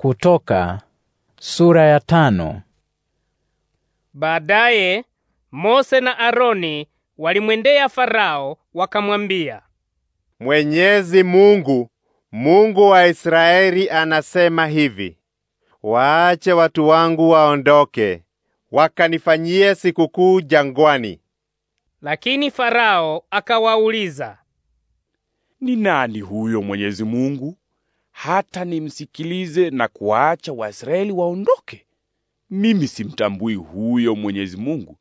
Kutoka sura ya tano. Baadaye Mose na Aroni walimwendea Farao wakamwambia, Mwenyezi Mungu, Mungu wa Israeli anasema hivi: Waache watu wangu waondoke, wakanifanyie sikukuu jangwani. Lakini Farao akawauliza, Ni nani huyo Mwenyezi Mungu hata nimsikilize na kuwaacha Waisraeli waondoke? Mimi simtambui huyo Mwenyezi Mungu,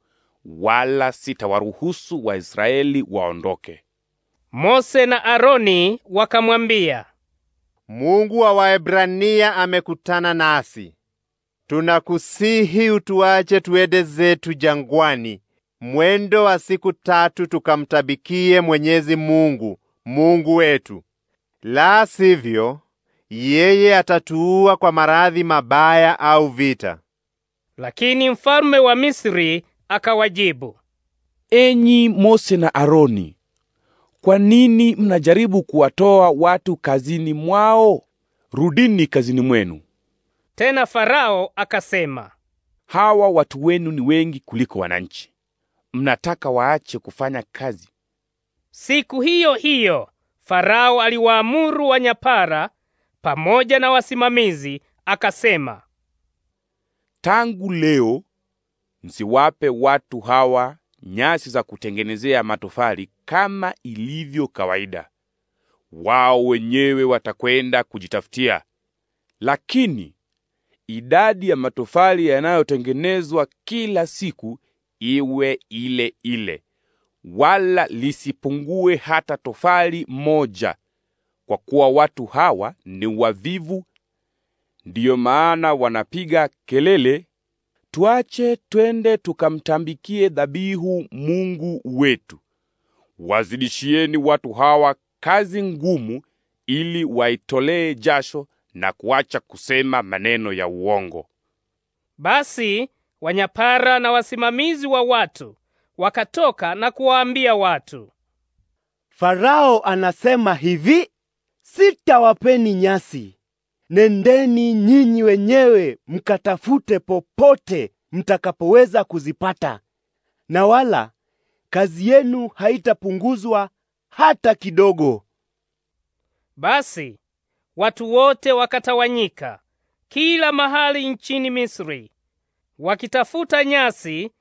wala sitawaruhusu Waisraeli waondoke. Mose na Aroni wakamwambia, Mungu wa Waebrania amekutana nasi. Tunakusihi utuache tuende zetu jangwani mwendo wa siku tatu tukamtabikie Mwenyezi Mungu, Mungu wetu. La sivyo yeye atatuua kwa maradhi mabaya au vita. Lakini mfalme wa Misri akawajibu, enyi Mose na Aroni, kwa nini mnajaribu kuwatoa watu kazini mwao? Rudini kazini mwenu. Tena Farao akasema, hawa watu wenu ni wengi kuliko wananchi, mnataka waache kufanya kazi? Siku hiyo hiyo Farao aliwaamuru wanyapara pamoja na wasimamizi akasema, tangu leo msiwape watu hawa nyasi za kutengenezea matofali kama ilivyo kawaida. Wao wenyewe watakwenda kujitafutia. Lakini idadi ya matofali yanayotengenezwa kila siku iwe ile ile, wala lisipungue hata tofali moja kwa kuwa watu hawa ni wavivu, ndiyo maana wanapiga kelele, tuache twende tukamtambikie dhabihu Mungu wetu. Wazidishieni watu hawa kazi ngumu, ili waitolee jasho na kuacha kusema maneno ya uongo. Basi wanyapara na wasimamizi wa watu wakatoka na kuwaambia watu, Farao anasema hivi: sitawapeni nyasi. Nendeni nyinyi wenyewe mkatafute popote mtakapoweza kuzipata, na wala kazi yenu haitapunguzwa hata kidogo. Basi watu wote wakatawanyika kila mahali nchini Misri wakitafuta nyasi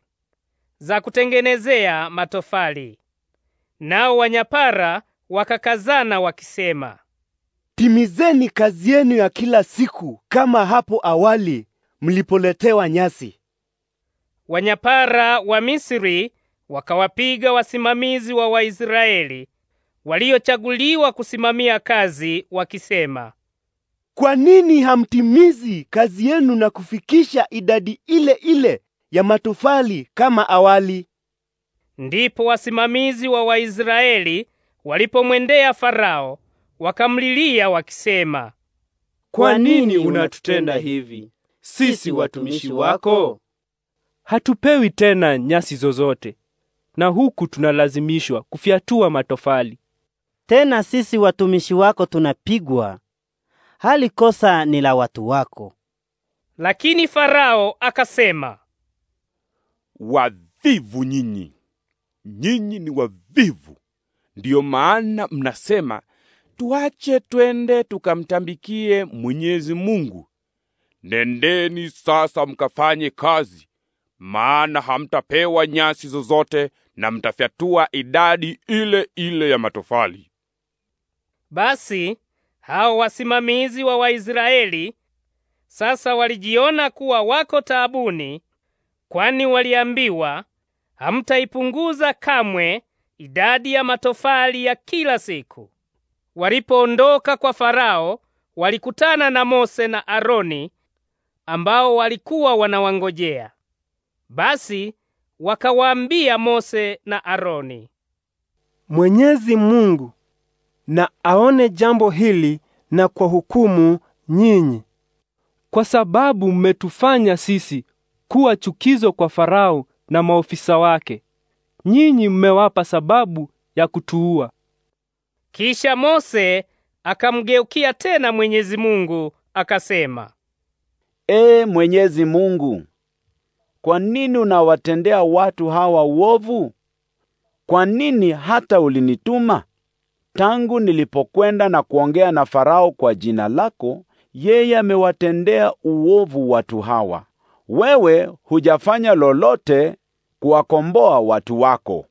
za kutengenezea matofali. Nao wanyapara wakakazana wakisema, Timizeni kazi yenu ya kila siku kama hapo awali mlipoletewa nyasi. Wanyapara wa Misri wakawapiga wasimamizi wa Waisraeli waliochaguliwa kusimamia kazi wakisema, kwa nini hamtimizi kazi yenu na kufikisha idadi ile ile ya matofali kama awali? Ndipo wasimamizi wa Waisraeli walipomwendea Farao wakamlilia wakisema, kwa nini unatutenda hivi? Sisi watumishi wako hatupewi tena nyasi zozote, na huku tunalazimishwa kufyatua matofali. Tena sisi watumishi wako tunapigwa, hali kosa ni la watu wako. Lakini Farao akasema, wavivu nyinyi, nyinyi ni wavivu, ndiyo maana mnasema tuache twende tukamtambikie Mwenyezi Mungu. Nendeni sasa mkafanye kazi, maana hamtapewa nyasi zozote na mtafyatua idadi ile ile ya matofali. Basi hao wasimamizi wa Waisraeli sasa walijiona kuwa wako taabuni, kwani waliambiwa, hamtaipunguza kamwe idadi ya matofali ya kila siku. Walipoondoka kwa Farao, walikutana na Mose na Aroni ambao walikuwa wanawangojea. Basi wakawaambia Mose na Aroni, Mwenyezi Mungu na aone jambo hili na kwa hukumu nyinyi, kwa sababu mmetufanya sisi kuwa chukizo kwa Farao na maofisa wake. Nyinyi mmewapa sababu ya kutuua. Kisha Mose akamgeukia tena Mwenyezi Mungu akasema, Ee Mwenyezi Mungu, kwa nini unawatendea watu hawa uovu? Kwa nini hata ulinituma? Tangu nilipokwenda na kuongea na Farao kwa jina lako, yeye amewatendea uovu watu hawa. Wewe hujafanya lolote kuwakomboa watu wako.